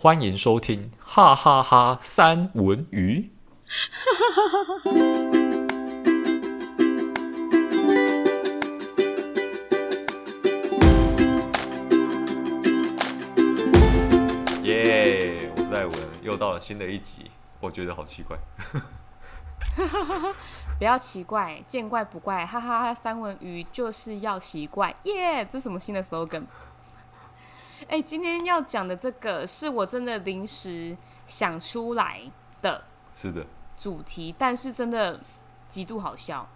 歡迎收聽哈哈哈三文魚。哈哈哈哈哈哈。耶，我是在文，我們又到了新的一集，我覺得好奇怪。哈哈哈哈哈哈，不要奇怪，見怪不怪。哈哈哈三文魚就是要奇怪。耶、yeah，這什麼新的 slogan？哎、欸，今天要講的這個是我真的臨時想出來的，是的，主題，但是真的極度好笑。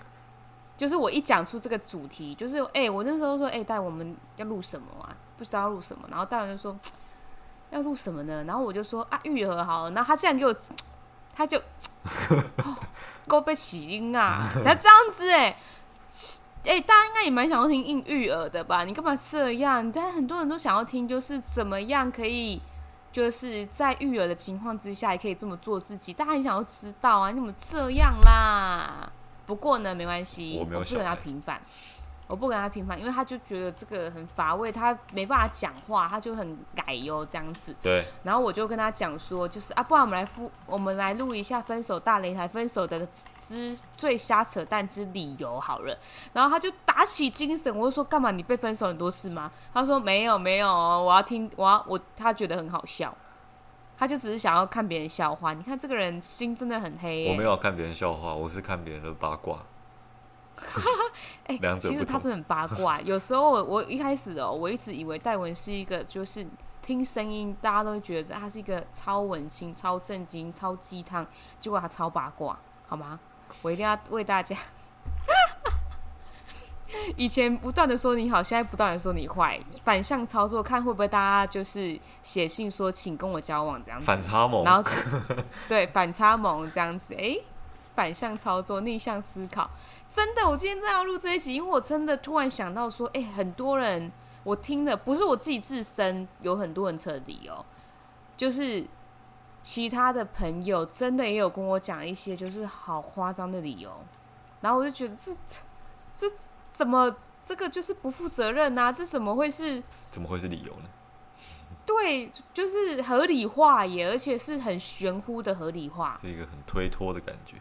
就是我一講出這個主題，就是哎、欸，我那時候說哎，帶、欸、我們要錄什麼啊？不知道錄什麼，然後大人就說要錄什麼呢？然後我就說啊，癒合好了。然後他竟然給我，他就夠被起因啊！他 這樣子哎、欸？誒，大家應該也蠻想要聽應育兒的吧？你幹嘛這樣？大家很多人都想要聽，就是怎麼樣可以，就是在育兒的情況之下也可以這麼做自己。大家很想要知道啊，你怎麼這樣啦？不過呢，沒關係，我，沒有，我不跟他平反。欸我不跟他評判，因為他就覺得這個很乏味，他沒辦法講話，他就很改喲這樣子。對。然後我就跟他講說，就是啊，不然我們來錄，我們來錄一下《分手大擂台》分手的之最瞎扯淡之理由好了。然後他就打起精神，我就說，幹嘛？你被分手很多次嗎？他說沒有沒有，我要聽，我要我他覺得很好笑，他就只是想要看別人笑話。你看這個人心真的很黑欸。我沒有看別人笑話，我是看別人的八卦。 欸、其實他真的很八卦。有時候我，我一開始哦，我一直以為戴文是一個，就是聽聲音大家都會覺得他是一個超文青、超正經、超雞湯，結果他超八卦，好嗎？我一定要為大家， 以前不斷的說你好，現在不斷的說你壞，反向操作，看會不會大家就是寫信說請跟我交往這樣子，反差萌，然後 對反差萌這樣子，哎、欸。反向操作，逆向思考，真的，我今天正要錄這一集，因為我真的突然想到說，哎，很多人，我聽的不是我自己自身，有很多很扯的理由，就是其他的朋友真的也有跟我講一些，就是好誇張的理由，然後我就覺得這這這怎麼這個就是不負責任啊？這怎麼會是？怎麼會是理由呢？對，就是合理化耶，而且是很玄乎的合理化，是一個很推脫的感覺。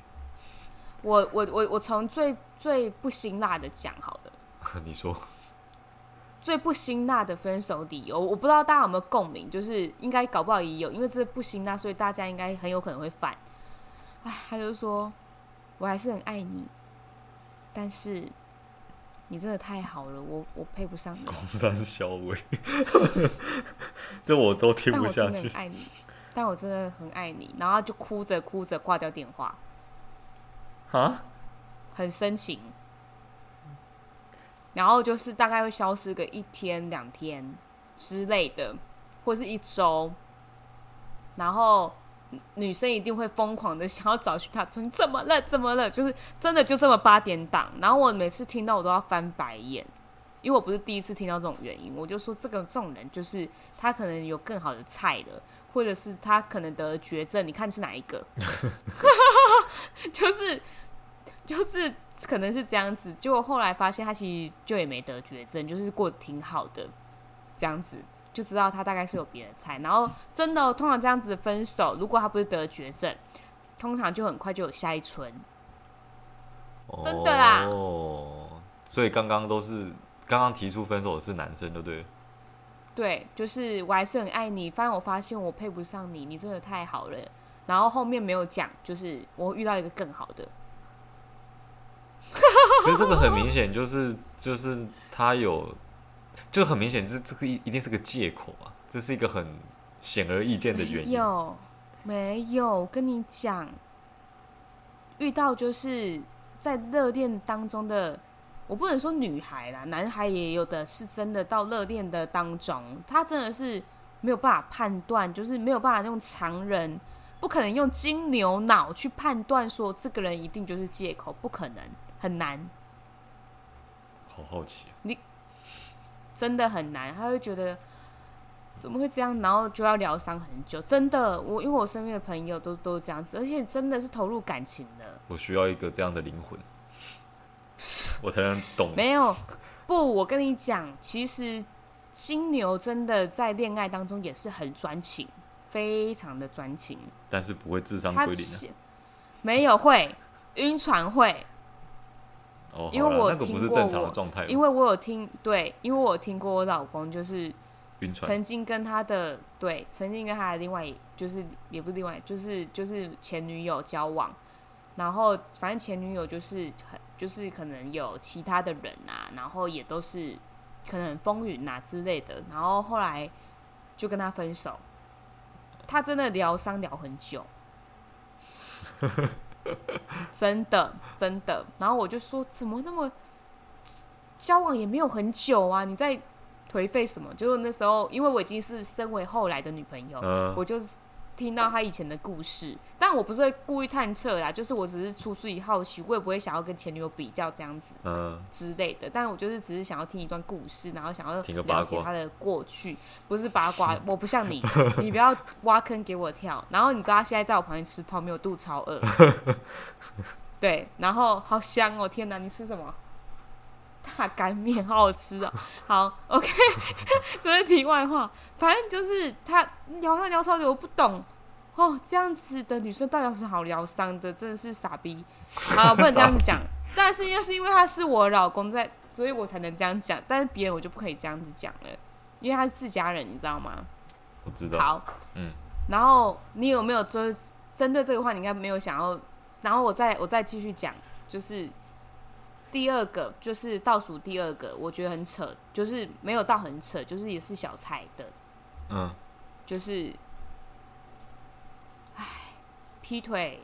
我我我我從最最不辛辣的講好了，你說最不辛辣的分手理由，我不知道大家有沒有共鳴，就是應該搞不好也有，因為這不辛辣，所以大家應該很有可能會犯。唉，他就說，我還是很愛你，但是你真的太好了，我我配不上你。果然是小薇，這我都聽不下去。但我真的很愛你，但我真的很愛你，然後就哭着哭着掛掉電話。啊，Huh? 很深情，然後就是大概會消失個一天兩天之類的，或是一週，然後女生一定會瘋狂的想要找尋他說你，怎麼了？怎麼了？就是真的就這麼八點檔？然後我每次聽到我都要翻白眼，因為我不是第一次聽到這種原因，我就說這個這種人就是他可能有更好的菜了，或者是他可能得了絕症，你看是哪一個？ 就是。就是可能是這樣子，結果後來發現他其實就也沒得絕症，就是過得挺好的，這樣子就知道他大概是有別的菜。 然後真的、喔，通常這樣子的分手，如果他不是得絕症，通常就很快就有下一春。Oh, 真的啦，所以剛剛都是剛剛提出分手的是男生對，對不對？對，就是我還是很愛你，發現我發現我配不上你，你真的太好了。然後後面沒有講，就是我遇到一個更好的。所以這個很明顯就是就是他有，就很明顯是這個一一定是個借口嘛，啊，這是一個很顯而易見的原因。有，沒有？我跟你講，遇到就是在熱戀當中的，我不能說女孩啦，男孩也有的是真的到熱戀的當中，他真的是沒有辦法判斷，就是沒有辦法用常人，不可能用金牛腦去判斷說這個人一定就是借口，不可能。很難，好好奇。你真的很難，他會覺得怎麼會這樣，然後就要療傷很久。真的，我因為我身邊的朋友都都這樣子，而且真的是投入感情的。我需要一個這樣的靈魂，我才能懂。 沒有，不，我跟你講，其實金牛真的在戀愛當中也是很專情，非常的專情，但是不會智商歸零。沒有，會暈船，會。因為我聽過我，因為我有聽對，因為我有聽過我老公就是曾經跟他的，對，曾經跟他的另外就是也不是另外就是就是前女友交往，然後反正前女友就是很就是可能有其他的人啊，然後也都是可能風雲啊之類的，然後後來就跟他分手，他真的療傷療很久。 真的，真的，然後我就說，怎麼那麼交往也沒有很久啊？你在頹廢什麼？就是那時候，因為我已經是身為後來的女朋友，uh. 我就是聽到他以前的故事，但我不是會故意探測啦，就是我只是出自於好奇，我也不會想要跟前女友比較這樣子，嗯、之類的，但我就是只是想要聽一段故事，然後想要了解他的過去，不是八卦。我不像你， 你不要挖坑給我跳。然後你知道他現在在我旁邊吃泡麵，我肚超餓。 對，然後好香哦，喔，天哪！你吃什麼？大乾麵好好吃哦、喔，好 ，OK。這是題外話，反正就是他聊騷聊騷的，我不懂哦。這樣子的女生到底是好療傷的，真的是傻逼啊！不能這樣子講， 逼但是又是因為他是我老公在，所以我才能這樣講。但是別人我就不可以這樣子講了，因為他是自家人，你知道嗎？我知道。好，嗯。然後你有沒有針針對這個話？你應該沒有想要。然後我再我再繼續講，就是。第二個就是倒數第二個，我覺得很扯，就是沒有到很扯，就是也是小菜的，嗯，就是，哎，劈腿，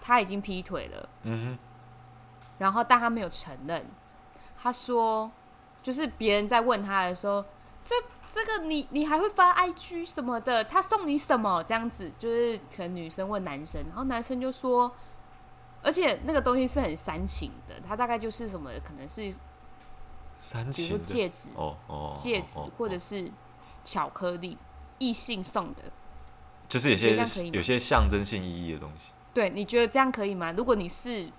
他已經劈腿了，嗯哼，然後但他沒有承認，他說，就是別人在問他的時候，這這個你你還會發 IG 什麼的，他送你什麼這樣子，就是可能女生問男生，然後男生就說。而且那個東西是很煽情的，它大概就是什麼，可能是，三的比如說戒指，哦，哦戒指哦或者是巧克力，哦、異性送的，就是有些可以有些象徵性意義的東西。對，你覺得這樣可以嗎？如果你是，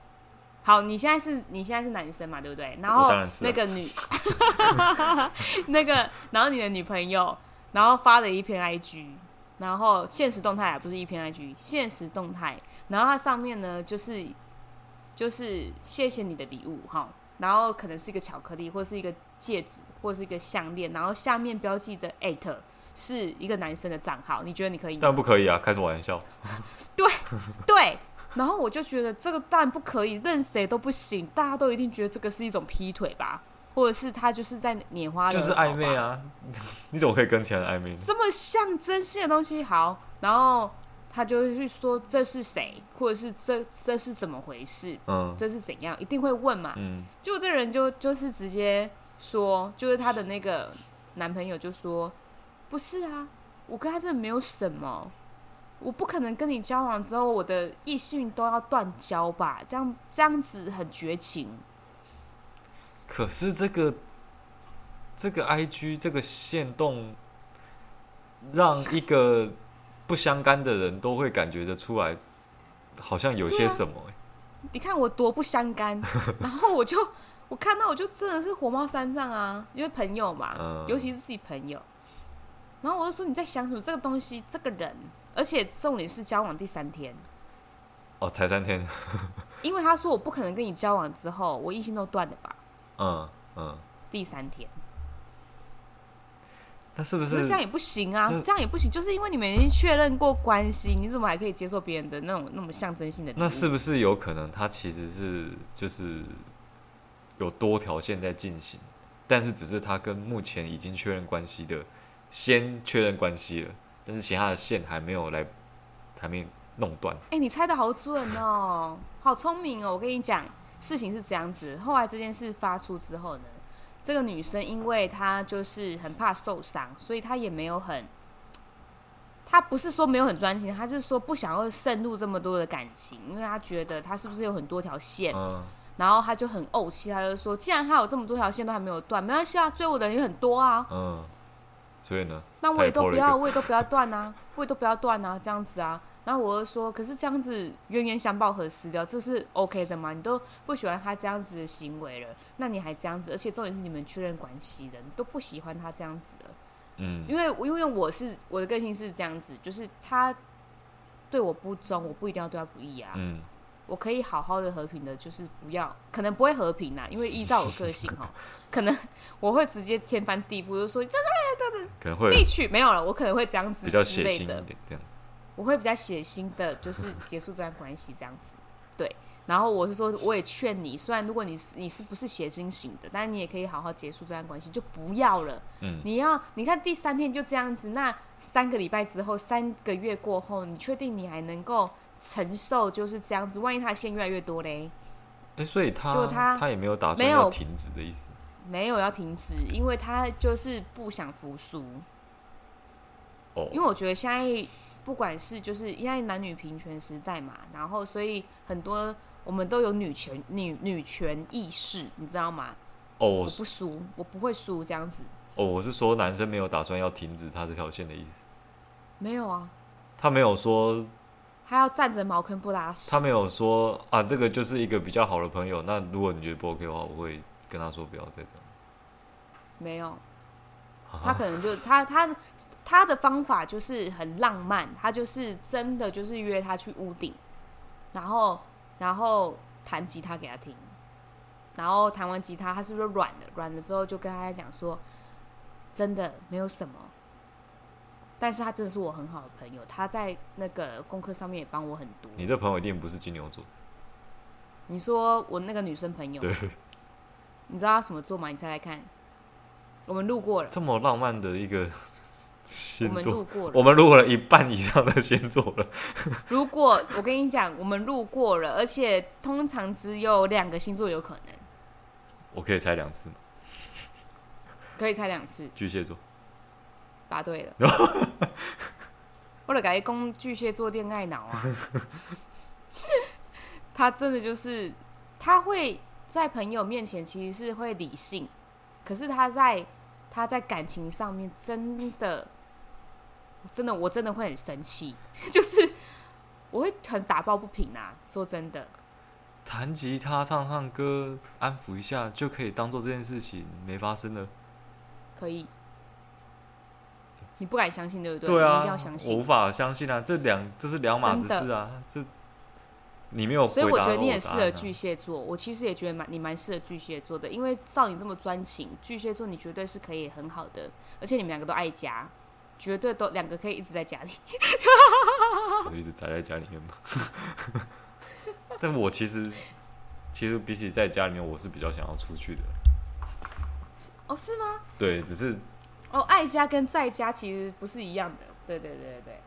好，你現在是你現在是男生嘛，對不對？然後當然是、啊、那個女， 那個，然後你的女朋友，然後發了一篇 IG，然後限時動態還不是一篇 IG，限時動態。然後它上面呢，就是就是謝謝你的禮物哈，然後可能是一個巧克力，或是一個戒指，或是一個項鏈，然後下面標記的 at，是一個男生的賬號，你覺得你可以？當然不可以啊，開什麼玩笑？對對，然後我就覺得這個當然不可以，任誰都不行，大家都一定覺得這個是一種劈腿吧，或者是他就是在拈花惹草嘛，就是曖昧啊，你怎麼可以跟前曖昧呢？這麼象徵性的東西，好，然後。他就會去說這是誰，或者是這這是怎麼回事，嗯、這是怎樣，一定會問嘛。嗯、結果這人就就是直接說，就是他的那個男朋友就說：“不是啊，我跟他真的沒有什麼，我不可能跟你交往之後我的異性都要斷交吧？這樣這樣子很絕情。”可是這個這個 IG 這個限動讓一個。不相干的人都會感覺得出來，好像有些什麼、欸啊。你看我多不相干， 然後我就我看到我就真的是火冒三丈啊！因為朋友嘛，嗯、尤其是自己朋友，然後我就說，你在想什麼？這個東西，這個人，而且重點是交往第三天。哦，才三天。 因為他說，我不可能跟你交往之後，我異性都斷了吧？嗯嗯。嗯，第三天。那是不是，不是這樣也不行啊？那這樣也不行，就是因為你們已經確認過關係，你怎麼還可以接受別人的那種那麼象徵性的？那是不是有可能他其實是就是有多條線在進行，但是只是他跟目前已經確認關係的先確認關係了，但是其他的線還沒有來，還沒弄斷。哎、欸，你猜得好準哦，好聰明哦！我跟你講，事情是這樣子，後來這件事發出之後呢？這個女生因為她就是很怕受傷，所以她也沒有很，她不是說沒有很專情，她就是說不想要滲入這麼多的感情，因為她覺得她是不是有很多條線，嗯、然後她就很慪氣，她就說：既然她有這麼多條線都還沒有斷，沒關係啊，追我的人很多啊。嗯，所以呢，那我也都不要，我也都不要斷啊， 我也都不要斷啊，這樣子啊。那我就說，可是這樣子冤冤相報何時了，這是 OK 的嘛？你都不喜歡他這樣子的行為了，那你還這樣子？而且重點是你們確認關係的，你都不喜歡他這樣子了。嗯，因為因為我是我的個性是這樣子，就是他對我不忠，我不一定要對他不義啊。嗯，我可以好好的和平的，就是不要，可能不會和平吶，因為依照我個性哈， 可能我會直接天翻地覆，就是、說這這這這，可能會必去沒有了，我可能會這樣子比較血腥一點這樣子。我會比較血腥的，就是結束這段關係這樣子，對。然後我是說，我也勸你，雖然如果你是你是不是血腥型的，但你也可以好好結束這段關係，就不要了。嗯，你要你看第三天就這樣子，那三個禮拜之後，三個月過後，你確定你還能夠承受就是這樣子？萬一他的線越來越多嘞？哎、欸，所以他就他他也沒有打算沒有停止的意思沒，沒有要停止，因為他就是不想服輸。哦，因為我覺得現在。不管是就是因為男女平權時代嘛，然後所以很多我們都有女權女女權意識，你知道嗎？哦，我不輸，我不會輸這樣子。哦，我是說男生沒有打算要停止他這條線的意思。沒有啊。他沒有說。他要占著茅坑不拉屎。他沒有說啊，這個就是一個比較好的朋友。那如果你覺得不 OK 的話，我會跟他說不要再這樣子。沒有。他可能就他他他的方法就是很浪漫。他就是真的就是約他去屋頂，然後然後彈吉他給他聽，然後彈完吉他，他是不是軟了？軟了之後就跟他在講說，真的沒有什麼。但是他真的是我很好的朋友，他在那個功課上面也幫我很多。你這朋友一定不是金牛座。你說我那個女生朋友，對你知道他什麼座嗎？你猜猜看。我們路過了這麼浪漫的一個星座，我們路過了，錄了一半以上的星座了。 如果我跟你講，我們路過了，而且通常只有兩個星座有可能。我可以猜兩次嗎？可以猜兩次。巨蟹座，答對了。 我就跟你說巨蟹座戀愛腦啊！ 他真的就是，他會在朋友面前其實是會理性，可是他在。他在感情上面真的，真的，我真的會很生氣，就是我會很打抱不平啊！說真的，彈吉他、唱唱歌、安撫一下就可以當做這件事情沒發生了，可以？你不敢相信對不對？對啊，一定要相信，我無法相信啊，這兩這是兩碼子事啊，的這。你沒有，所以我覺得你也很適合巨蟹座。我其實也覺得蠻你蠻適合巨蟹座的，因為照你這麼專情，巨蟹座你絕對是可以很好的。而且你們兩個都愛家，絕對都兩個可以一直在家裡。我一直宅在家裡面嘛。 但我其實其實比起在家裡面，我是比較想要出去的。哦，是嗎？對，只是哦，愛家跟在家其實不是一樣的。對對對對，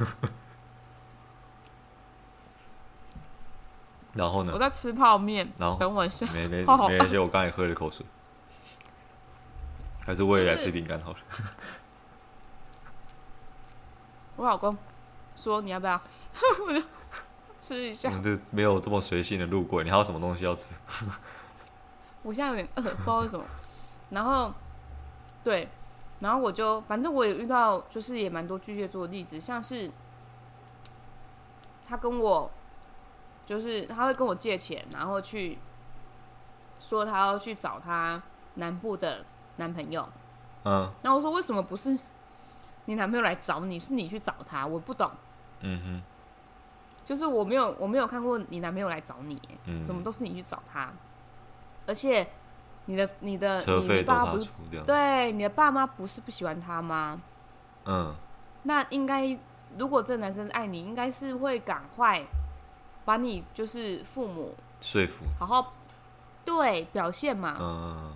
對。 然後呢，我在吃泡麵，然後等我一下。沒沒沒，而且我剛也喝了一口水，還是我也來吃餅乾好了。我老公說你要不要， 我就吃一下。你這沒有這麼隨性的路過，你還有什麼東西要吃？我現在有點餓、呃，不知道為什麼。 然後對，然後我就反正我也遇到，就是也蠻多巨蟹座的例子，像是他跟我。就是他會跟我借錢，然後去說他要去找他南部的男朋友。嗯，那我說，為什麼不是你男朋友來找你，是你去找他？我不懂。嗯哼，就是我沒有我沒有看過你男朋友來找你，嗯，怎麼都是你去找他？而且你的你的你爸不是，對，你的爸媽不是不喜歡他嗎？嗯，那應該如果這男生愛你，應該是會趕快。把你就是父母說服，好好對表現嘛。嗯，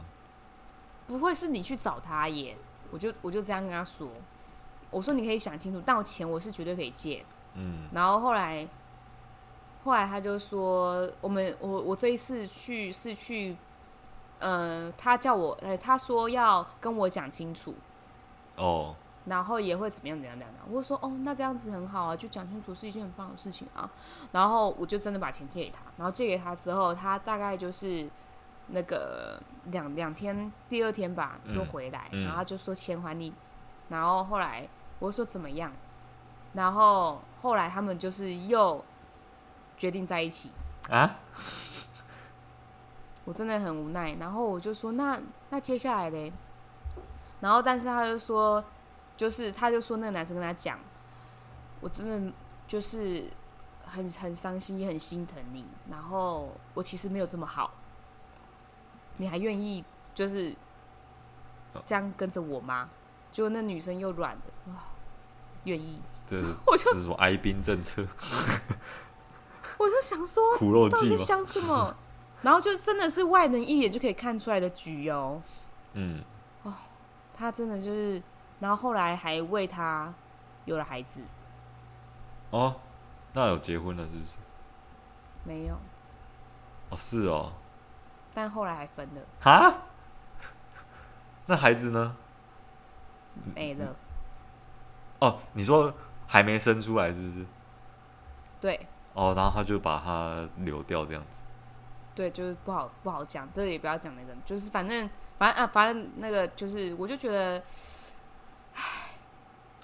不會是你去找他也。我就我就這樣跟他說，我說你可以想清楚，但我錢我是絕對可以借。嗯，然後後來後來他就說，我們我我這一次去是去，呃，他叫我，哎，他說要跟我講清楚。哦。然後也會怎麼樣？怎麼樣？的我說：“哦，那這樣子很好啊，就講清楚是一件很棒的事情啊。”然後我就真的把錢借給他。然後借給他之後，他大概就是那個兩兩天，第二天吧就回來，然後他就說錢還你。然後後來我就說怎麼樣？然後後來他們就是又決定在一起。啊！ 我真的很無奈。然後我就說：“那那接下來嘞？”然後但是他就說。就是，他就說那個男生跟他講：“我真的就是很很傷心，也很心疼你。然後我其實沒有這麼好，你還願意就是這樣跟着我嗎？”結果、哦、那女生又軟了，願、哦、意。對是，我就說哀兵政策。 我就想說苦肉計到底在想什麼？ 然後就真的是外人一眼就可以看出來的局哦。嗯。哦，他真的就是。然後後來還為他有了孩子，哦，那有結婚了是不是？沒有。哦，是哦。但後來還分了。哈？那孩子呢？沒了。哦，你說還沒生出來是不是？對。哦，然後他就把他流掉這樣子。對，就是不好不好講，這個也不要講那個，就是反正反正，反正啊，反正那個就是，我就覺得。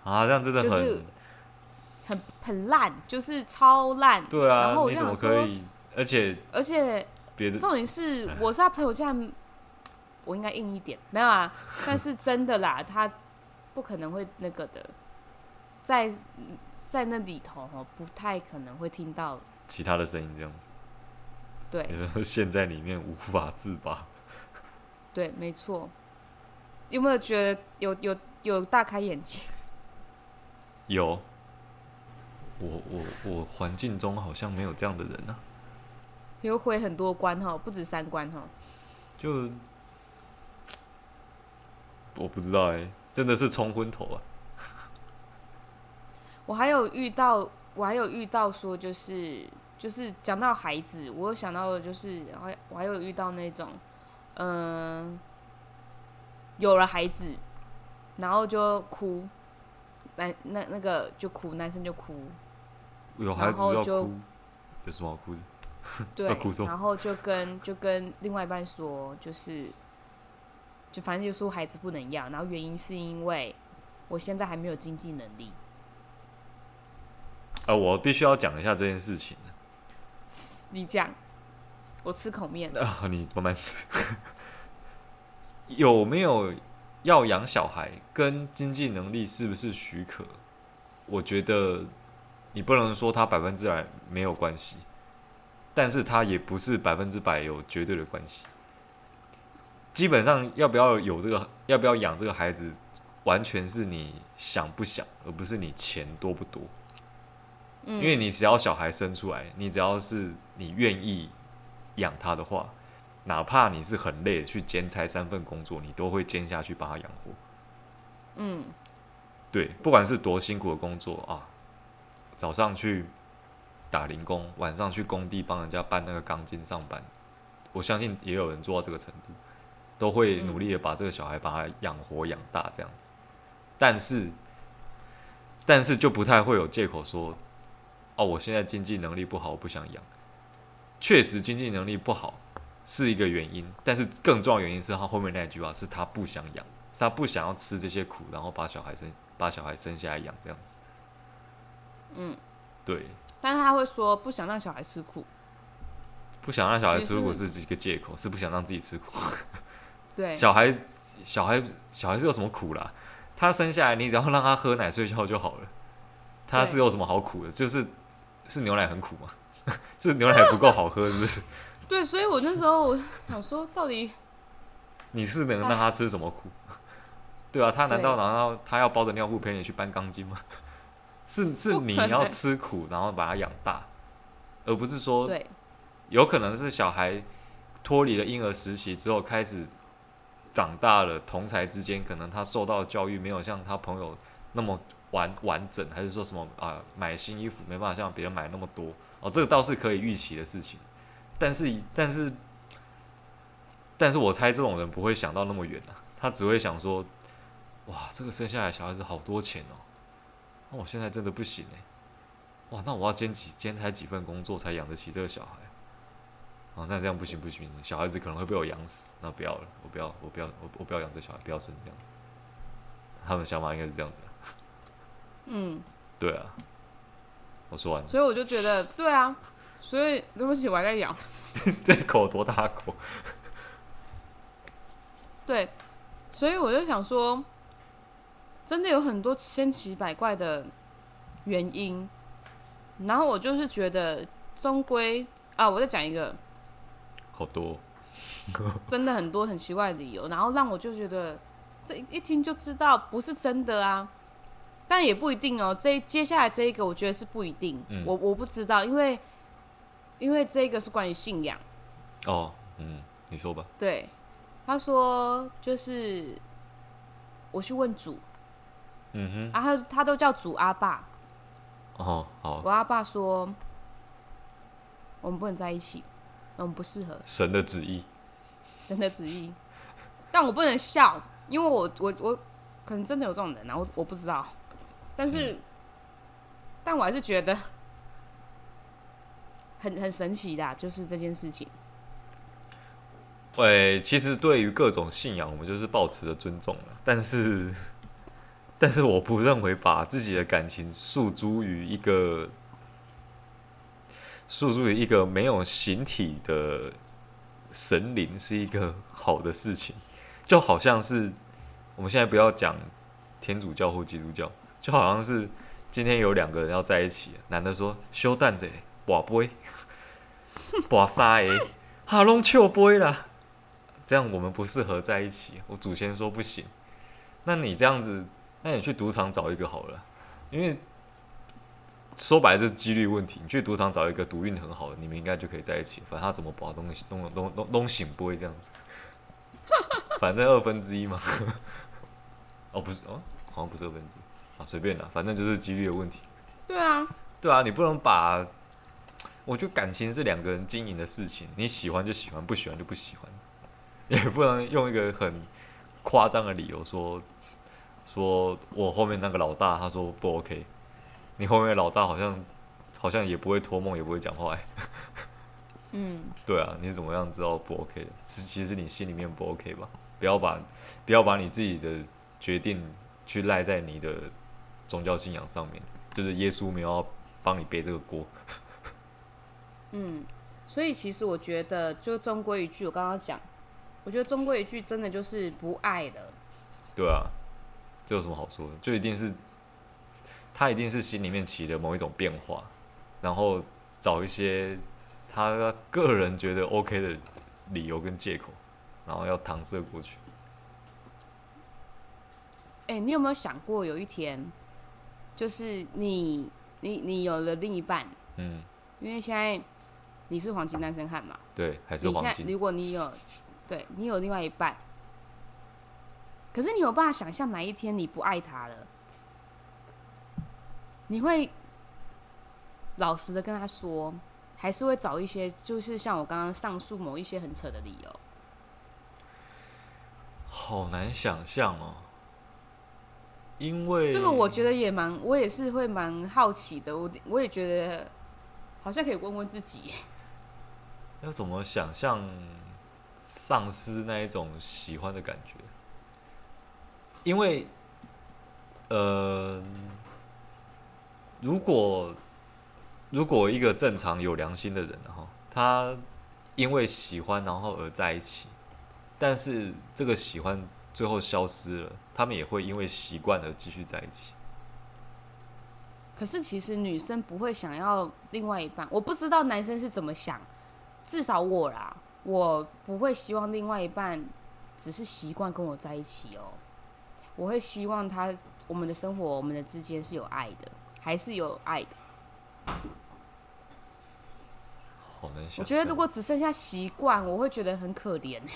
啊，這樣真的很很爛，就是超爛。對啊，然後我說你怎麼可以？而且而且別的重點是，我是他朋友，這樣 我應該硬一點。沒有啊，但是真的啦，他不可能會那個的，在在那裡頭哦，不太可能會聽到其他的聲音這樣子。對， 現在裡面無法自拔。對，沒錯。有沒有覺得有有有大開眼界？有，我我我環境中好像沒有這樣的人啊。有毀很多觀，哈，不止三觀，哈。就，我不知道哎、欸，真的是沖昏頭啊。我還有遇到，我還有遇到，說就是就是講到孩子，我想到的就是還我還有遇到那種，呃，有了孩子，然後就哭。那那個就哭，男生就哭，有孩子就有什麼好哭的？對，然後就跟就跟另外一半說，就是，就反正就說孩子不能要，然後原因是因為我現在還沒有經濟能力。呃，我必須要講一下這件事情。你講，我吃口麵的，你慢慢吃。有沒有？要養小孩跟經濟能力是不是許可？我覺得你不能說他百分之百沒有關係，但是他也不是百分之百有絕對的關係。基本上要不要有這個，要不要養這個孩子，完全是你想不想，而不是你錢多不多。嗯，因為你只要小孩生出來，你只要是你願意養他的話。哪怕你是很累，去兼差三份工作，你都會兼下去把它養活。嗯，對，不管是多辛苦的工作啊，早上去打零工，晚上去工地幫人家搬那個鋼筋上班，我相信也有人做到這個程度，都會努力的把這個小孩把他養活養大這樣子。嗯、但是，但是就不太會有借口說，哦、啊，我現在經濟能力不好，我不想養。確實經濟能力不好。是一個原因，但是更重要的原因是他後面那句話是他不想養，是他不想要吃這些苦，然後把小孩生，把小孩生下來養這樣子。嗯，對。但是他會說不想讓小孩吃苦，不想讓小孩吃苦是一個借口，是，是不想讓自己吃苦。 對，小孩，小孩，小孩是有什麼苦啦？他生下來你只要讓他喝奶睡覺就好了，他是有什麼好苦的？對就是是牛奶很苦嗎？ 就是牛奶不夠好喝是不是？ 對，所以我那時候我想說，到底 你是能讓他吃什麼苦？唉 對啊，他難道難道他要包着尿布陪你去搬鋼筋嗎？ 是是你、欸、要吃苦，然後把他養大，而不是說，對有可能是小孩脫離了嬰兒時期之後開始長大了，同儕之間可能他受到的教育沒有像他朋友那麼完完整，還是說什麼啊、呃？買新衣服沒辦法像別人買那麼多哦，這個倒是可以預期的事情。但是，但是，但是我猜這種人不會想到那麼遠呢、啊。他只會想說：“哇，這個生下來小孩子好多錢哦，那、哦、我現在真的不行哎、欸，哇，那我要兼幾兼差幾份工作才養得起這個小孩？啊，那這樣不行不行，小孩子可能會被我養死。那不要了，我不要，我不要，我我不要養這小孩，不要生這樣子。他們想法應該是這樣子的。嗯，對啊，我說完了，所以我就覺得，對啊。”所以對不起，我還在咬。 這口多大口？ 對，所以我就想說，真的有很多千奇百怪的原因。然後我就是覺得，終歸啊，我再講一個好多真的很多很奇怪的理由。然後讓我就覺得，這一聽就知道不是真的啊。但也不一定哦、喔。這接下來這一個，我覺得是不一定。我我不知道，因為。因為這個是關於信仰。哦，嗯，你說吧。對，他說就是我去問主，嗯哼，啊他，他他都叫主阿爸。哦哦。我阿爸說，我們不能在一起，我們不適合。神的旨意。神的旨意， 但我不能笑，因為我我我可能真的有這種人啊，我我不知道，但是，嗯、但我還是覺得。很很神奇的，啊，就是這件事情。哎、欸，其實對於各種信仰，我們就是保持着尊重的。但是，但是我不認為把自己的感情訴諸於一個訴諸於一個沒有形體的神靈是一個好的事情。就好像是我們現在不要講天主教或基督教，就好像是今天有兩個人要在一起，男的說“修蛋賊”。我不會，我啥誒，哈弄去我不會了。這樣我們不適合在一起，我祖先說不行。那你這樣子，那你去賭場找一個好了，因為說白了這是幾率問題。你去賭場找一個賭運很好的，你們應該就可以在一起。反正他怎麼把東西弄弄弄弄醒不會這樣子，反正二分之一嘛。 哦，不是哦，好像不是二分之一啊，隨便了，反正就是幾率的問題。對啊，對啊，你不能把。我覺得感情是兩個人經營的事情，你喜歡就喜歡，不喜歡就不喜歡，也不能用一個很誇張的理由說，說我後面那個老大他說不 OK，你後面的老大好像好像也不會托夢，也不會講話，欸， 嗯，對啊，你是怎麼樣知道不 OK 的？其實你心裡面不 OK 吧？不要把不要把你自己的決定去賴在你的宗教信仰上面，就是耶穌沒有幫你背這個鍋。嗯，所以其實我覺得，就終歸一句，我剛剛講，我覺得終歸一句，真的就是不愛了。對啊，這有什麼好說的？就一定是他一定是心裡面起了某一種變化，然後找一些他個人覺得 OK 的理由跟借口，然後要搪塞過去。哎、欸，你有沒有想過有一天，就是你你你有了另一半，嗯，因為現在。你是黃金單身漢嗎？對，還是黃金。如果你有，對你有另外一半，可是你有辦法想象哪一天你不愛他了？你會老實的跟他說，還是會找一些就是像我剛剛上述某一些很扯的理由？好難想象哦，因為這個我覺得也蠻，我也是會蠻好奇的。我我也覺得好像可以問問自己。要怎麼想象，喪失那一種喜歡的感覺？因為，呃，如果如果一個正常有良心的人哈，他因為喜歡然後而在一起，但是這個喜歡最後消失了，他們也會因為習慣而繼續在一起。可是，其實女生不會想要另外一半，我不知道男生是怎麼想。至少我啦，我不會希望另外一半只是習慣跟我在一起哦、喔。我會希望他，我們的生活，我們的之間是有愛的，還是有愛的。好難想像。我覺得如果只剩下習慣，我會覺得很可憐呢。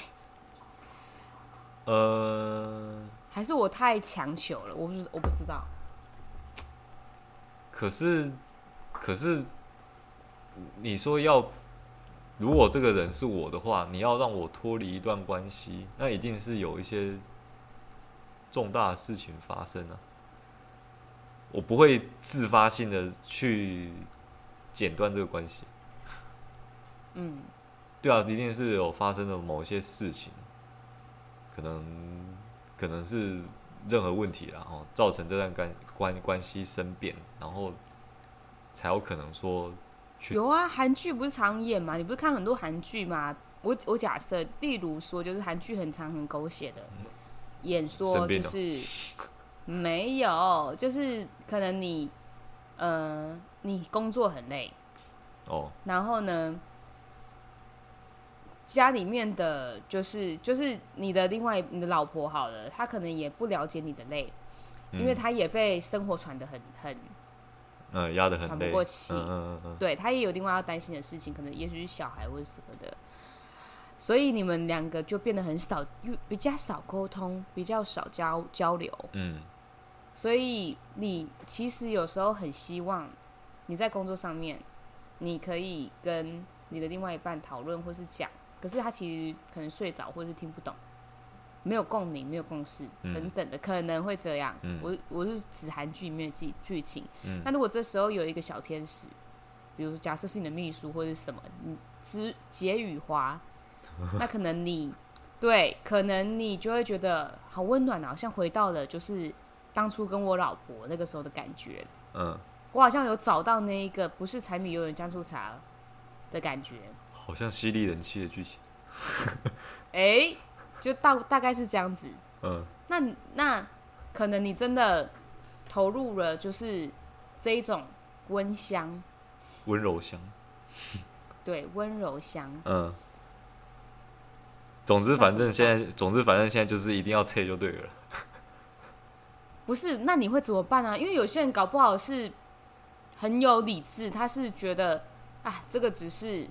呃，還是我太強求了，我不我不知道。可、欸、是知道可是，可是你說要。如果這個人是我的話，你要讓我脫離一段關係，那一定是有一些重大的事情發生啊！我不會自發性的去剪斷這個關係。嗯， 對啊，一定是有發生的某一些事情，可能可能是任何問題啦吼，造成這段關關關係生變，然後才有可能說。有啊，韓劇不是常演嘛？你不是看很多韓劇嗎？我我假設，例如說，就是韓劇很長很狗血的，演說就是沒有，就是可能你，呃，你工作很累，哦，然後呢，家裡面的就是就是你的另外你的老婆好了，她可能也不了解你的累，因為她也被生活傳得很很。嗯，壓得很喘不過氣。嗯，嗯嗯嗯，對他也有另外要擔心的事情，可能也許是小孩或者什麼的，所以你們兩個就變得很少，比較少溝通，比較少交交流。嗯，所以你其實有時候很希望你在工作上面你可以跟你的另外一半討論或是講，可是他其實可能睡着或是聽不懂。沒有共鳴，沒有共識等等的，嗯、可能會這樣。我、嗯、我是指韓劇裡面的劇劇情。那、嗯、如果這時候有一個小天使，比如假設是你的祕書或者是什麼，嗯，知、解語花， 那可能你對，可能你就會覺得好溫暖，啊，好像回到了就是當初跟我老婆那個時候的感覺。嗯，我好像有找到那一個不是柴米油鹽醬醋茶的感覺，好像犀利人氣的劇情。哎、 欸。就大大概是這樣子，嗯，那那可能你真的投入了，就是這一種溫香，溫柔香， 對，溫柔香，嗯。總之，反正現在，總之，反正現在就是一定要切就對了。 不是，那你會怎麼辦呢、啊？因為有些人搞不好是很有理智，他是覺得啊，這個只是。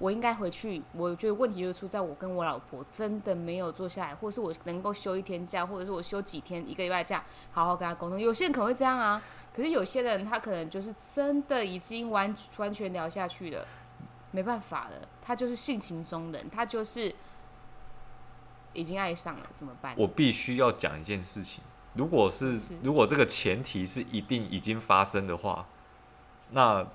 我應該回去，我覺得問題就出在我跟我老婆真的沒有坐下來，或者是我能夠休一天假，或者是我休幾天一個禮拜假，好好跟她溝通。有些人可能會這樣啊，可是有些人他可能就是真的已經完完全聊下去了，沒辦法了，他就是性情中人，他就是已經愛上了，怎麼辦？我必須要講一件事情，如果是，是如果這個前提是一定已經發生的話，那。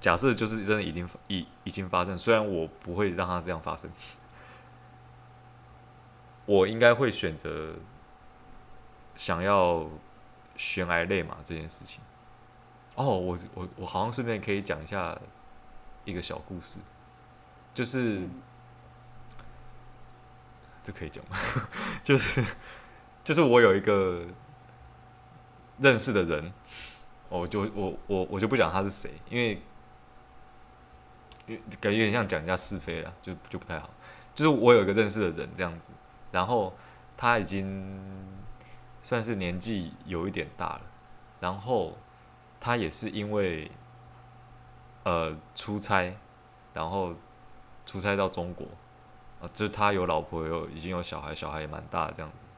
假設就是真的已經已、已經發生，雖然我不會讓它這樣發生，我應該會選擇想要懸崖勒馬這件事情。哦，我我我好像順便可以講一下一個小故事，就是、嗯、這可以講嗎？ 就是就是我有一個認識的人，我就我我我就不講他是誰，因為。感覺有點像講人家是非了，就就不太好。就是我有一個認識的人這樣子，然後他已經算是年紀有一點大了，然後他也是因為呃出差，然後出差到中國啊，就是他有老婆有，有已經有小孩，小孩也蠻大的這樣子，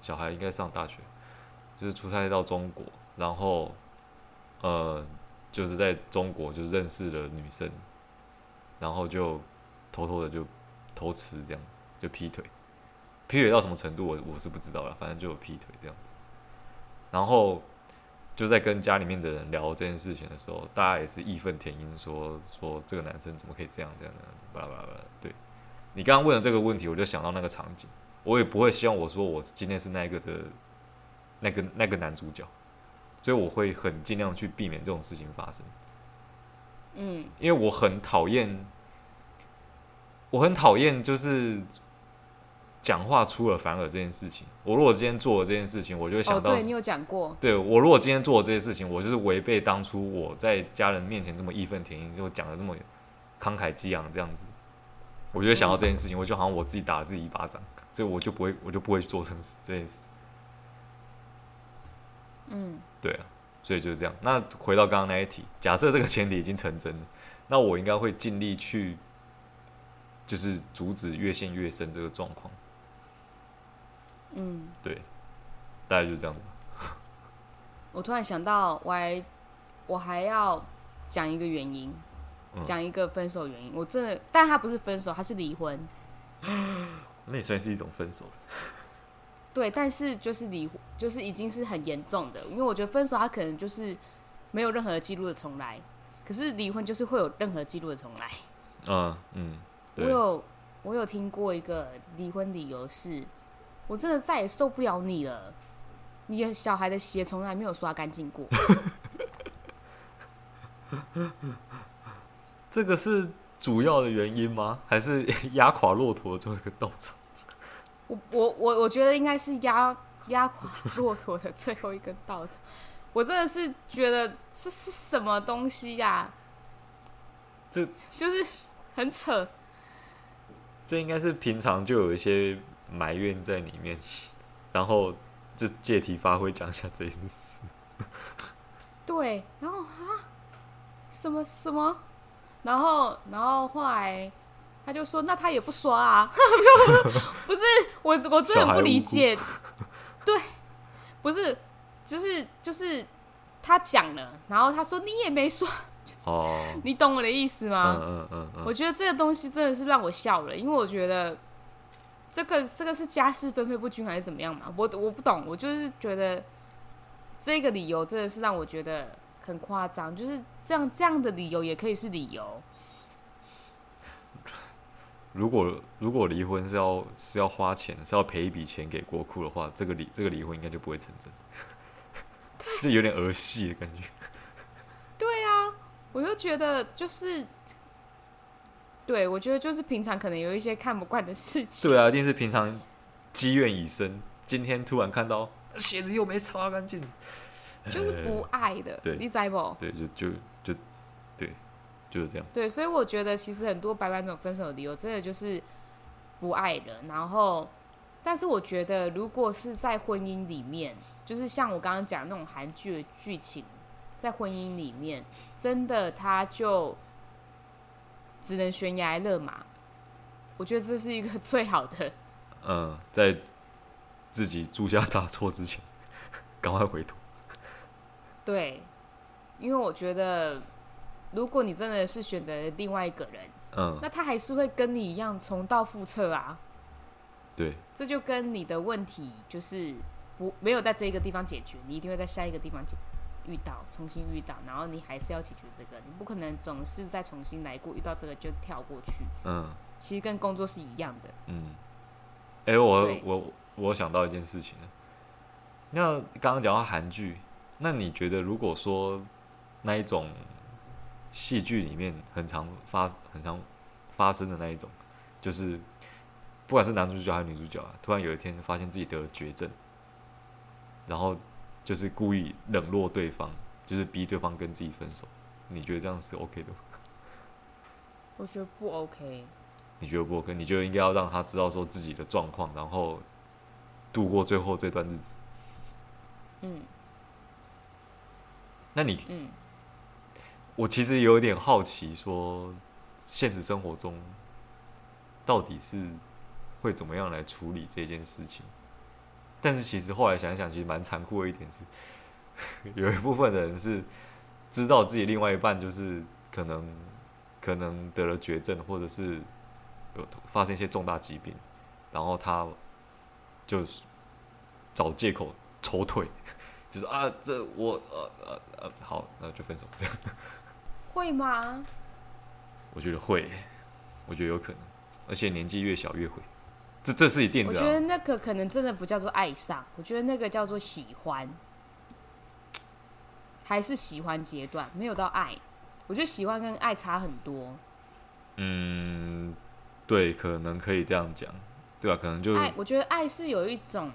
小孩應該上大學，就是出差到中國，然後呃就是在中國就認識了女生。然後就偷偷的就偷吃這樣子，就劈腿，劈腿到什麼程度我我是不知道啦，反正就有劈腿這樣子。然後就在跟家裡面的人聊這件事情的時候，大家也是義憤填膺說，說說這個男生怎麼可以這樣這樣呢？巴拉巴拉巴拉。對，你剛剛問了這個問題，我就想到那個場景，我也不會希望我說我今天是那個的，那個那個男主角，所以我會很盡量去避免這種事情發生。嗯，因為我很討厭，我很討厭就是講話出爾反爾這件事情。我如果今天做了這件事情，我就會想到，哦、對，你有講過。對，我如果今天做了這件事情，我就是違背當初我在家人面前這麼義憤填膺，就講得這麼慷慨激昂這樣子，我就會想到這件事情，嗯、我就好像我自己打了自己一巴掌，所以我就不會，我就不會去做成這件事。嗯，對啊。所以就是這樣。那回到剛剛那一題，假設這個前提已經成真了，那我應該會盡力去，就是阻止越陷越深這個狀況。嗯，對，大概就是這樣子。我突然想到我，我還我還要講一個原因，講、嗯、一個分手原因。我真的，但他不是分手，他是離婚。 那也算是一種分手。對，但是就是離，就是已經是很嚴重的，因為我覺得分手它可能就是沒有任何記錄的重來，可是離婚就是會有任何記錄的重來。嗯嗯，我有我有聽過一個離婚理由是，我真的再也受不了你了，你的小孩的鞋從來沒有刷乾淨過。 這個是主要的原因嗎？還是壓垮駱駝的最後一個稻草？我我我我覺得應該是壓壓垮駱駝的最後一根稻草，我真的是覺得這是什麼東西呀？啊？這就是很扯，這應該是平常就有一些埋怨在裡面，然後就借題發揮講一下這件事。對，然後啊，什麼什麼，然後然後後來。他就說：“那他也不刷啊， 不是？我我真的不理解。對，不是，就是就是他講了，然後他說你也沒刷，就是 oh. 你懂我的意思嗎？嗯嗯嗯嗯。我覺得這個東西真的是讓我笑了，因為我覺得這個這個是家事分配不均還是怎麼樣嘛？我我不懂，我就是覺得這個理由真的是讓我覺得很誇張，就是這樣這樣的理由也可以是理由。”如果如果離婚是要是要花錢，是要賠一筆錢給國庫的話，這個離這個離婚應該就不會成真， 對，就有點兒戲的感覺。對啊，我就覺得就是，對我覺得就是平常可能有一些看不慣的事情。對啊，一定是平常積怨已深，今天突然看到鞋子又沒擦乾淨，就是不愛的。呃、對，你知道嗎？對，就就。就是這樣。對，所以我覺得其實很多白板總分手的理由，真的就是不愛了。然後，但是我覺得如果是在婚姻裡面，就是像我剛剛講的那種韓劇的劇情，在婚姻裡面，真的他就只能懸崖勒馬。我覺得這是一個最好的。嗯，在自己鑄下大錯之前，趕 快回頭。對，因為我覺得。如果你真的是選擇另外一個人，嗯，那他還是會跟你一樣重蹈覆轍啊。對，這就跟你的問題就是不沒有在這個地方解決，你一定會在下一個地方遇遇到，重新遇到，然後你還是要解決這個，你不可能總是再重新來過，遇到這個就跳過去。嗯，其實跟工作是一樣的。嗯，哎、欸，我對我我想到一件事情，那剛剛講到韓劇，那你覺得如果說那一種。戲劇裡面很常發很常發生的那一種，就是不管是男主角還是女主角啊，突然有一天發現自己得了絕症，然後就是故意冷落對方，就是逼對方跟自己分手。你覺得這樣是 OK 的嗎？我覺得不 OK。你覺得不 OK？你就應該要讓他知道說自己的狀況，然後度過最後這段日子。嗯。那你嗯。我其實有點好奇，說現實生活中到底是會怎麼樣來處理這件事情？但是其實後來想一想，其實蠻殘酷的一點是，有一部分的人是知道自己另外一半就是可能可能得了絕症，或者是有發生一些重大疾病，然後他就是找借口抽腿，就是啊，這我呃呃呃，好，那就分手這樣。會嗎？我覺得會，我覺得有可能，而且年紀越小越會，這這是一定的。我覺得那個可能真的不叫做愛上，我覺得那個叫做喜歡，還是喜歡階段，沒有到愛。我覺得喜歡跟愛差很多。嗯，對，可能可以這樣講，對吧、啊？可能就愛……我覺得愛是有一種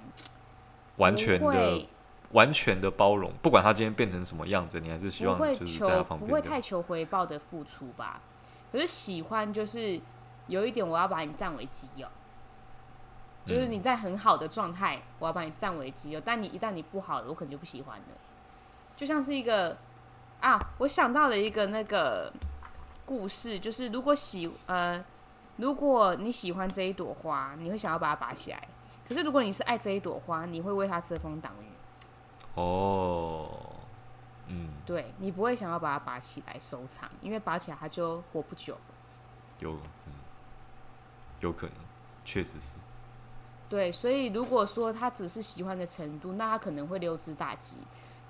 完全的。完全的包容，不管他今天變成什麼樣子，你還是希望就是在他旁邊，不會求，不會太求回報的付出吧。可是喜歡就是有一點，我要把你佔為己有。就是你在很好的狀態，嗯、我要把你佔為己有。但你一旦你不好了，我可能就不喜歡了。就像是一個啊，我想到了一個那個故事，就是如果喜呃，如果你喜歡這一朵花，你會想要把它拔起來。可是如果你是愛這一朵花，你會為它遮風擋雨。哦，oh, 嗯，對，你不會想要把它拔起來收藏，因為拔起來它就活不久。有、嗯，有可能，確實是。對，所以如果說他只是喜歡的程度，那他可能會溜之大吉；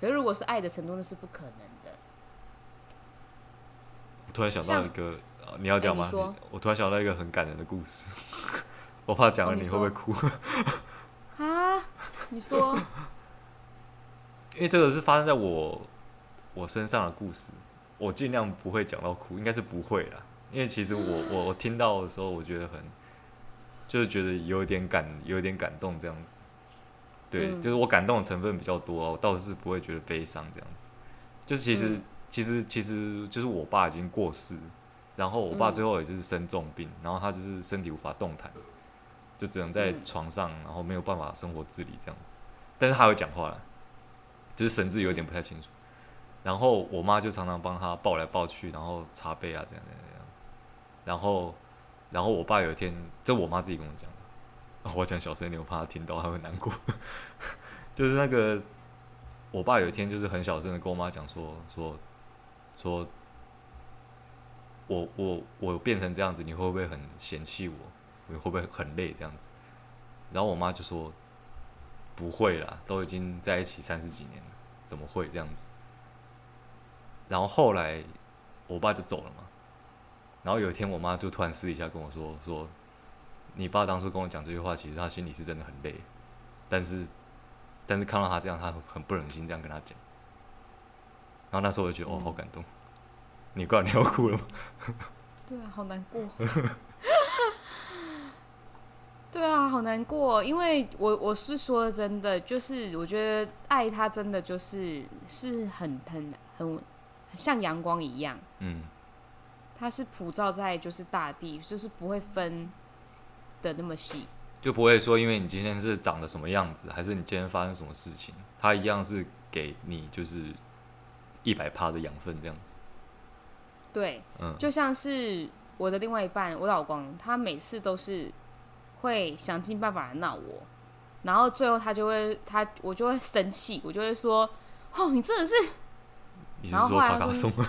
可是如果是愛的程度，那是不可能的。我突然想到一個，像啊、你要講嗎、欸？我突然想到一個很感人的故事， 我怕講了你會不會哭？啊、哦，你說。 因為這個是發生在我我身上的故事，我儘量不會講到哭，應該是不會啦。因為其實我我、嗯、我聽到的時候，我覺得很就是覺得有點感有點感動這樣子。對，嗯、就是我感動的成分比較多，我倒是不會覺得悲傷這樣子。就是其實、嗯、其實其實就是我爸已經過世，然後我爸最後也就是生重病，嗯、然後他就是身體無法動彈，就只能在床上，嗯、然後沒有辦法生活自理這樣子。但是他會講話啦。就是神志有點不太清楚，然後我媽就常常幫他抱來抱去，然後擦背啊，這樣這樣這樣子。然後，然後我爸有一天，這我媽自己跟我講的、哦，我講小聲一點，我怕他聽到他會難過。 就是那個，我爸有一天就是很小聲的跟我媽講說說說，我我我變成這樣子，你會不會很嫌棄我？你會不會很累這樣子？然後我媽就說。不會啦，都已經在一起三十幾年了，怎麼會這樣子？然後後來我爸就走了嘛，然後有一天我媽就突然私底下跟我說說，你爸當初跟我講這句話，其實他心裡是真的很累，但是但是看到他這樣，他很不忍心這樣跟他講。然後那時候我就覺得、嗯、哦，好感動。你掛你要哭了嗎？對啊，好難過。 對啊，好難過，因為我我是說真的，就是我覺得愛他真的就是是很很很，很像陽光一樣，嗯，它是普照在就是大地，就是不會分的那麼細，就不會說因為你今天是長得什麼樣子，還是你今天發生什麼事情，它一樣是給你就是一百趴的養分這樣子。對，嗯，就像是我的另外一半，我老公，他每次都是。會想盡辦法來鬧我，然後最後他就會他我就會生氣，我就會說：“哦，你真的是。你是說卡卡松”然後後來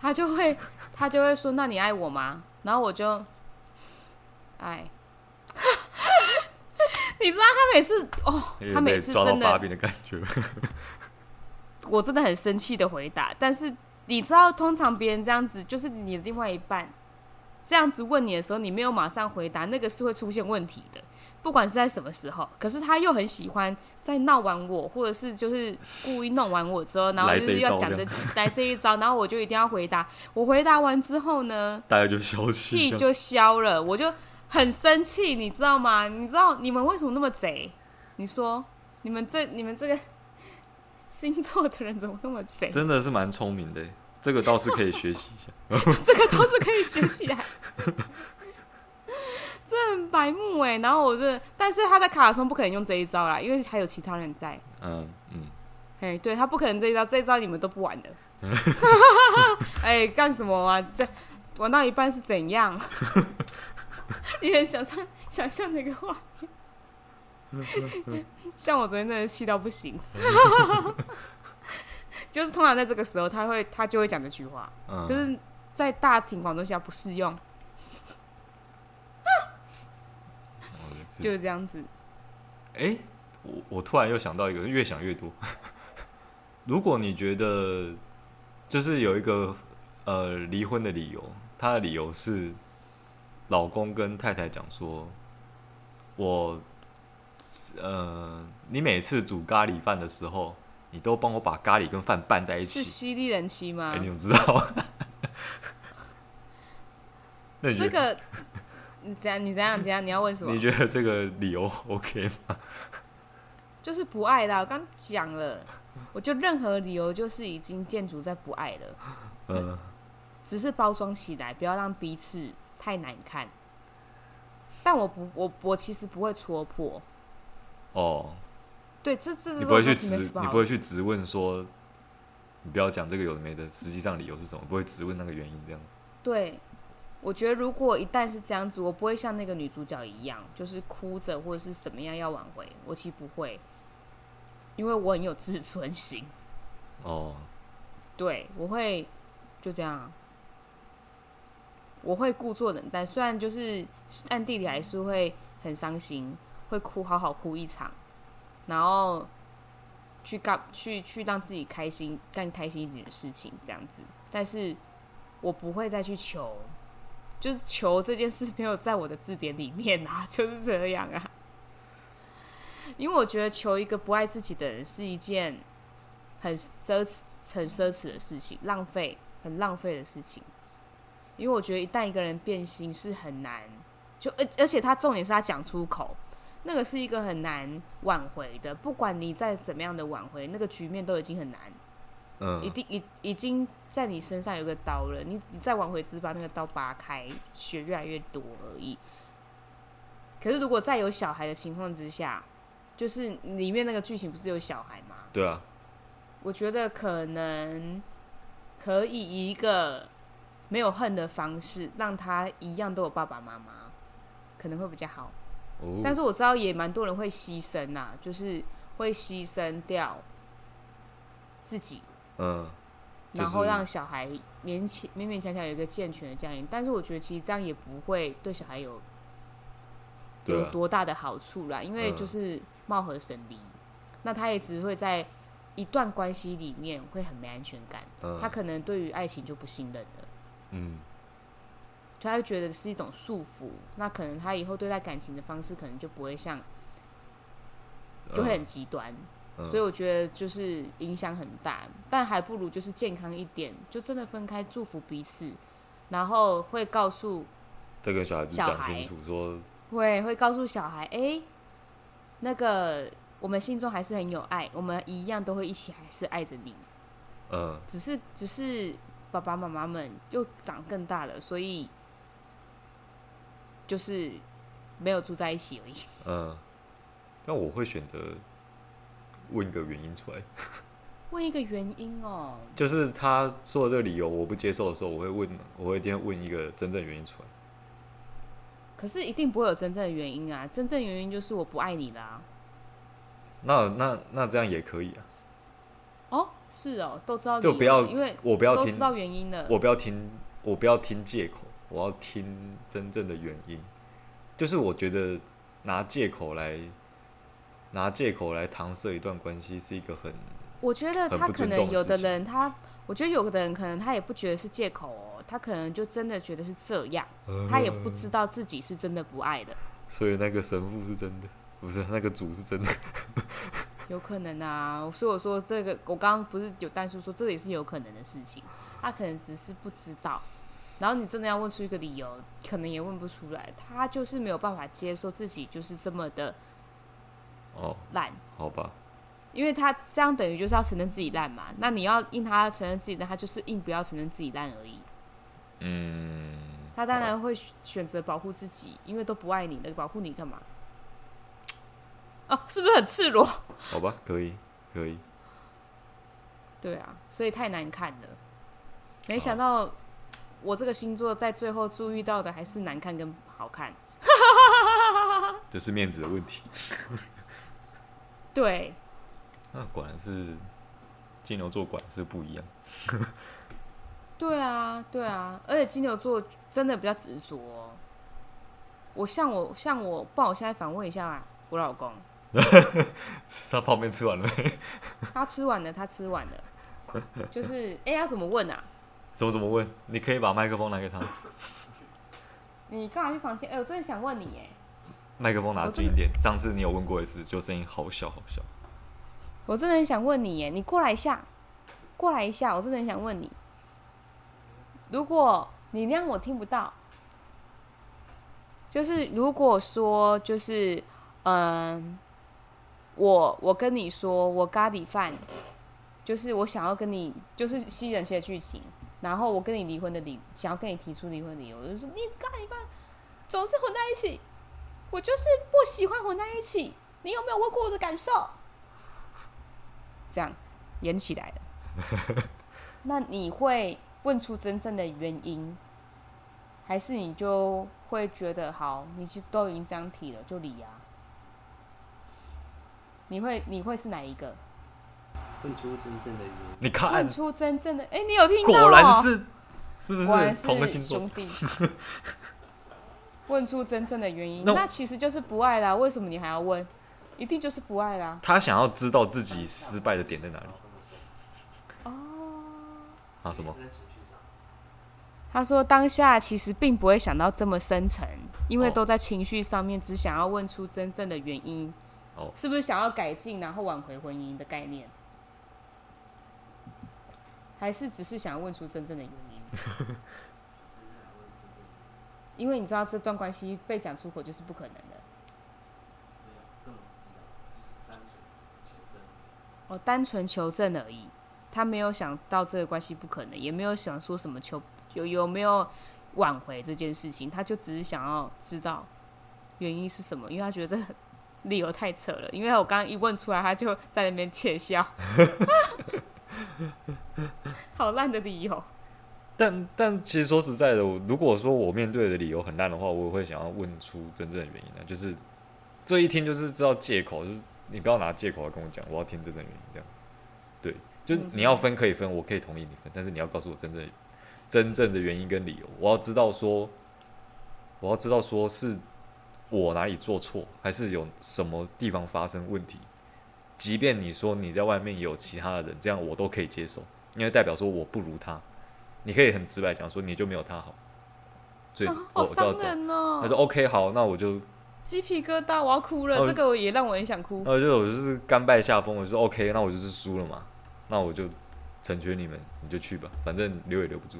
他就，是、他就會他就會說：“那你愛我嗎？”然後我就哎， 你知道他每次哦，他每次真的，的 我真的很生氣的回答。但是你知道，通常別人這樣子就是你的另外一半。這樣子問你的時候，你沒有馬上回答，那個是會出現問題的，不管是在什麼時候。可是他又很喜歡在鬧完我，或者是就是故意弄完我之後，然後就是要講着來、來這一招，然後我就一定要回答。我回答完之後呢，大家就消氣，氣就、就消了，我就很生氣，你知道嗎？你知道你們為什麼那麼賊？你說你們這你們這個星座的人怎麼那麼賊？真的是蠻聰明的。這個倒是可以學習一下， 這個倒是可以學起來。這 很白目哎，然後我這，但是他的卡薩松不可能用這一招啦，因為還有其他人在。嗯嗯，嗯 Hey, 對他不可能這一招，這一招你們都不玩的。哎、 欸，幹什麼啊？這玩到一半是怎樣？ 你很想象想象那個畫面？嗯， 像我昨天真的氣到不行。 就是通常在這個時候，他會他就會講這句話，就、嗯、是在大庭廣眾下不適用，嗯、 就是這樣子、嗯。哎、嗯，我我突然又想到一個，越想越多。 如果你覺得就是有一個呃離婚的理由，他的理由是老公跟太太講說，我呃，你每次煮咖喱飯的時候。你都幫我把咖喱跟飯拌在一起，是犀利人妻嗎？欸，你怎麼知道？對 這個，你怎樣？你怎樣？怎樣？你要問什麼？你覺得這個理由 OK 嗎？就是不愛了。啊，我剛講了，我就任何理由就是已經建築在不愛了，嗯，只是包裝起來，不要讓彼此太難看。但我不，我我其實不會戳破，哦。對，這這是你不會去質，不你不會去質問說，你不要講這個有的沒的，實際上理由是什麼？不會質問那個原因這樣子。對，我覺得如果一旦是這樣子，我不會像那個女主角一樣，就是哭着或者是怎麼樣要挽回。我其實不會，因為我很有自尊心。哦，對，我會就這樣，啊，我會故作冷淡。但雖然就是暗地裡還是會很傷心，會哭，好好哭一場。然後去幹去去讓自己開心，幹開心一點的事情，這樣子。但是我不會再去求，就是求這件事沒有在我的字典裡面啊，就是這樣啊。因為我覺得求一個不愛自己的人是一件很奢侈、很奢侈的事情，浪費、很浪費的事情。因為我覺得一旦一個人變心是很難，就而而且他重點是他講出口。那個是一個很難挽回的，不管你再怎麼樣的挽回，那個局面都已經很難，嗯，一定已已經在你身上有個刀了，你你再挽回，只是把那個刀拔開，血越來越多而已。可是如果再有小孩的情況之下，就是裡面那個劇情不是有小孩嗎？對啊，我覺得可能可以以一個沒有恨的方式，讓他一樣都有爸爸媽媽，可能會比較好。但是我知道也蠻多人會犧牲啦、啊，就是會犧牲掉自己，嗯，就是、然後讓小孩勉勉勉強強有一個健全的家庭。但是我覺得其實這樣也不會對小孩有、啊、有多大的好處啦，因為就是貌合神離，嗯、那他也只會在一段關係裡面會很沒安全感，嗯、他可能對於愛情就不信任了，嗯。他覺得是一種束縛，那可能他以後對待感情的方式可能就不會像，就會很極端，嗯嗯、所以我覺得就是影響很大，但還不如就是健康一點，就真的分開祝福彼此，然後會告訴這個小孩子講清楚說會，會會告訴小孩，哎、欸，那個我們心中還是很有愛，我們一樣都會一起還是愛着你，嗯，只是只是爸爸媽媽們又長更大了，所以。就是沒有住在一起而已。嗯，那我會選擇問一個原因出來。問一個原因哦。就是他說的這個理由我不接受的時候，我會問，我會一定要問一個真正原因出來。可是一定不會有真正的原因啊！真正原因就是我不愛你了啊。那那那這樣也可以啊。哦，是哦，都知道就不要，因為我不要知道原因的，我不要聽，我不要聽借口。我要聽真正的原因，就是我覺得拿借口來拿借口來搪塞一段關係是一個很，我覺得他可能的有的人他，我覺得有的人可能他也不覺得是借口哦、喔，他可能就真的覺得是這樣，他也不知道自己是真的不愛的。嗯、所以那個神父是真的，不是那個主是真的， 有可能啊。所以我說這個，我剛剛不是有但叔說這也是有可能的事情，他可能只是不知道。然後你真的要問出一個理由，可能也問不出來。他就是沒有辦法接受自己就是這麼的哦爛，好吧。因為他這樣等於就是要承認自己爛嘛。那你要應他承認自己爛，他就是硬不要承認自己爛而已。嗯，他當然會選擇保護自己，吧因為都不愛你，那保護你幹嘛？哦、啊，是不是很赤裸？好吧，可以，可以。 對啊，所以太難看了。沒想到。我這個星座在最後注意到的還是難看跟好看，這 是面子的問題。 對，那、啊，果然是金牛座，果然是不一樣。 對啊，對啊，而且金牛座真的比較執着。我向我向我不好，現在反問一下啊，我老公， 他泡麵吃完了沒？ 他吃完了，他吃完了。 就是，哎、欸，要怎麼問啊？怎麼怎麼問？你可以把麥克風拿給他。你幹嘛去房間？哎、欸，我真的想問你耶。麥克風拿近一點。上次你有問過一次，就聲音好小好小。我真的很想問你耶，你過來一下，過來一下，我真的很想問你。如果你那樣我聽不到，就是如果說就是嗯、呃，我我跟你說，我咖喱飯，就是我想要跟你就是吸人氣的劇情。然後我跟你離婚的理由，想要跟你提出離婚理由，我就說你干一半，總是混在一起，我就是不喜歡混在一起。你有沒有問過我的感受？這樣演起來了。 那你會問出真正的原因，還是你就會覺得好，你就都已經這樣提了，就離呀、啊？你會你會是哪一個？問出真正的原因。你看，問出真正的，哎、欸，你有聽到、喔？果然是，是不是同？果然是兄弟。 問出真正的原因，no, 那其實就是不愛啦、啊。為什麼你還要問？一定就是不愛啦、啊。他想要知道自己失敗的點在哪裡。哦、嗯。啊？什麼？他說當下其實並不會想到這麼深沉，因為都在情緒上面，只想要問出真正的原因。哦。是不是想要改進，然後挽回婚姻的概念？還是只是想要問出真正的原因， 因為你知道這段關係被講出口就是不可能的。沒有哦，單純求證而已，他沒有想到這個關係不可能，也沒有想說什麼求，有有沒有挽回這件事情，他就只是想要知道原因是什麼，因為他覺得這個理由太扯了。因為我剛剛一問出來，他就在那邊竊笑。 好爛的理由但，但但其實說實在的，如果說我面對的理由很爛的話，我也會想要問出真正的原因來、啊。就是這一聽就是知道借口，就是你不要拿借口來跟我講，我要聽真正的原因這樣子。對，就是你要分可以分，我可以同意你分，但是你要告訴我真正真正的原因跟理由，我要知道說，我要知道說是我哪裡做錯，還是有什麼地方發生問題。即便你說你在外面有其他的人，這樣我都可以接受，因為代表說我不如他，你可以很直白講說你就沒有他好。最，啊好傷人哦、我照着。他說 OK，好，那我就。雞皮疙瘩，我要哭了，這個也讓我很想哭。那我就我就是甘拜下風，我說 OK，那我就是輸了嘛，那我就成全你們，你就去吧，反正留也留不住。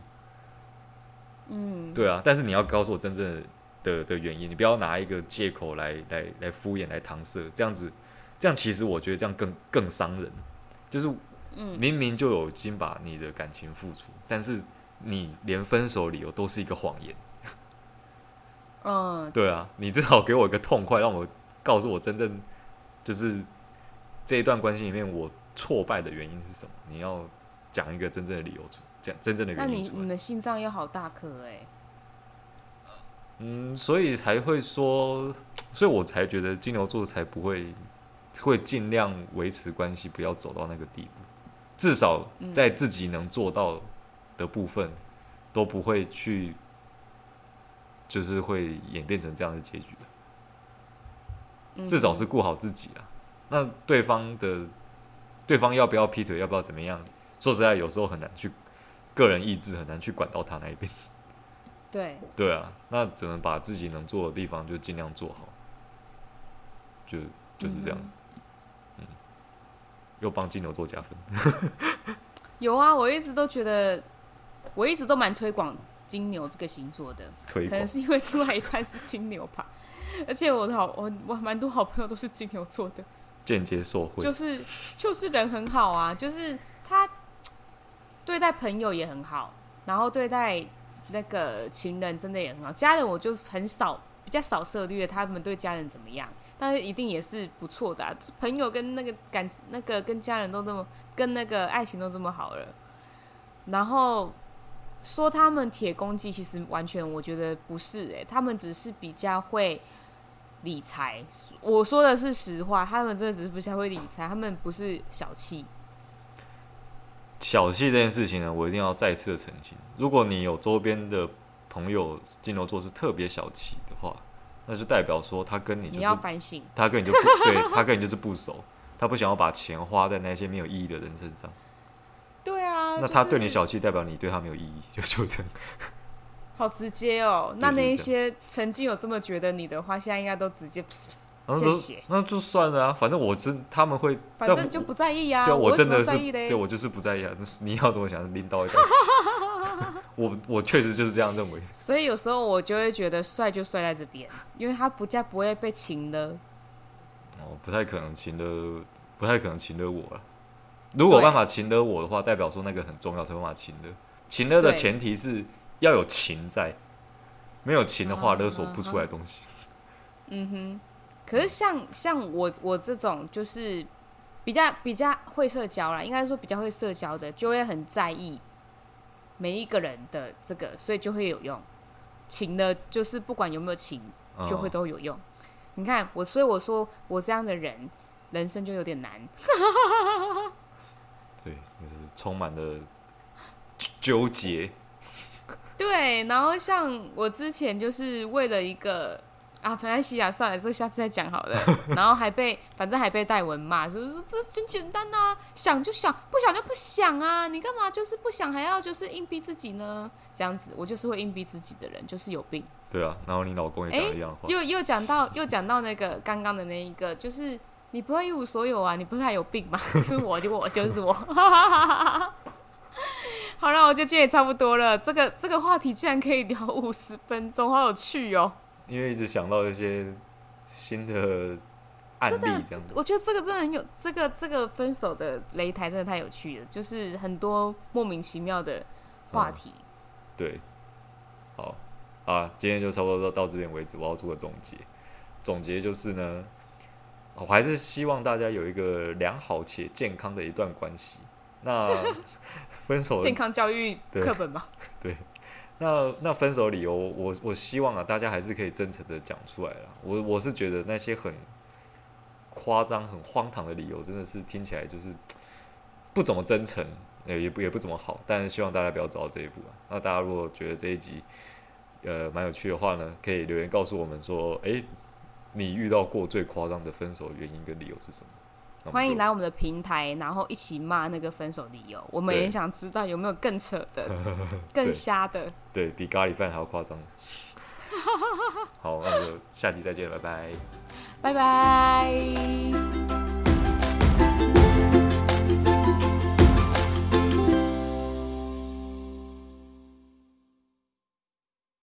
嗯，對啊，但是你要告訴我真正的的，的原因，你不要拿一個借口來來來敷衍、來搪塞，這樣子。這樣其實我覺得這樣更更傷人，就是，明明就有已經把你的感情付出，嗯、但是你連分手理由都是一個謊言， 嗯，對啊，你最好給我一個痛快，讓我告訴我真正就是這一段關係裡面我挫敗的原因是什麼？你要講一個真正的理由出，講真正的原因。那你你們的心臟又好大顆哎、欸，嗯，所以才會說，所以我才覺得金牛座才不會。會盡量維持關係，不要走到那個地步。至少在自己能做到的部分，嗯、都不會去，就是會演變成這樣的結局。至少是顧好自己啊。嗯、那對方的，對方要不要劈腿，要不要怎麼樣？說實在，有時候很難去個人意志，很難去管到他那邊。對。對啊，那只能把自己能做的地方就盡量做好，就就是這樣子。嗯又幫金牛座加分，有啊，我一直都覺得，我一直都蠻推廣金牛這個星座的，推幌 可能是因為另外一半是金牛吧，而且我的好，我我蠻多好朋友都是金牛座的，間接受惠，就是就是人很好啊，就是他對待朋友也很好，然後對待那個情人真的也很好，家人我就很少，比較少涉獵他們對家人怎麼樣。那一定也是不錯的、啊，就是、朋友跟那個感，那個跟家人都這麼，跟那個愛情都這麼好了。然後說他們鐵公雞，其實完全我覺得不是誒、欸，他們只是比較會理財。我說的是實話，他們真的只是比較會理財，他們不是小氣。小氣這件事情呢，我一定要再次的澄清。如果你有周邊的朋友金牛座是特別小氣的話。那就代表說他跟你，你要反省。他跟你就不對，他跟你就是不熟，他不想要把錢花在那些沒有意義的人身上。對啊，那他對你小氣，代表你對他沒有意義，就就這樣。好直接哦！那那一些曾經有這麼覺得你的話，現在應該都直接那就算了啊！反正我真他們會，反正你就不在意啊。對我真的是，對我就是不在意啊！你要怎麼想拎到一點？我我確實就是這樣認為，所以有時候我就會覺得帥就帥在這邊，因為他不加不會被情勒。哦，不太可能情勒，不太可能情勒我了，啊。如果對辦法情勒我的話，代表說那個很重要，才辦法情勒。情勒的前提是要有情在，對沒有情的話，勒索不出來的東西。嗯哼，嗯嗯嗯可是像像我我這種就是比較比較會社交啦，應該說比較會社交的，就會很在意。每一個人的這個，所以就會有用。情呢，就是不管有沒有情，Oh. 就會都有用。你看我，所以我說我這樣的人，人生就有點難。 對，就是充滿了糾結。 對，然後像我之前，就是為了一個。啊，反正西亞，算了，這個下次再講好了。然後還被，反正還被戴文罵，就說說這真簡簡單吶，啊，想就想，不想就不想啊，你幹嘛就是不想還要就是硬逼自己呢？這樣子，我就是會硬逼自己的人，就是有病。對啊，然後你老公也是一樣，欸、就又講到又講到那個剛剛的那一個，就是你不會一無所有啊，你不是還有病嗎？是我就我就是我。 好了，我就今天也差不多了，這個這個話題竟然可以聊五十分鐘，好有趣哦，喔。因為一直想到一些新的案例真的，我覺得這個真的很有這個這個分手的擂台真的太有趣了，就是很多莫名其妙的話題，嗯。對，好啊，今天就差不多到到這邊為止。我要做個總結，總結就是呢，我還是希望大家有一個良好且健康的一段關係。那分手 健康教育課本吧，對。那那分手理由，我我希望啊，大家還是可以真誠的講出來啦。我我是覺得那些很誇張、很荒唐的理由，真的是聽起來就是不怎麼真誠，也不也不怎麼好。但是希望大家不要走到這一步啊。那大家如果覺得這一集呃蠻有趣的話呢，可以留言告訴我們說，哎，你遇到過最誇張的分手原因跟理由是什麼？嗯、歡迎來我們的平台，然後一起罵那個分手理由。我們也想知道有沒有更扯的，對更瞎的，對，對比咖喱飯還要誇張。 好，那就下集再見， 拜拜，拜拜。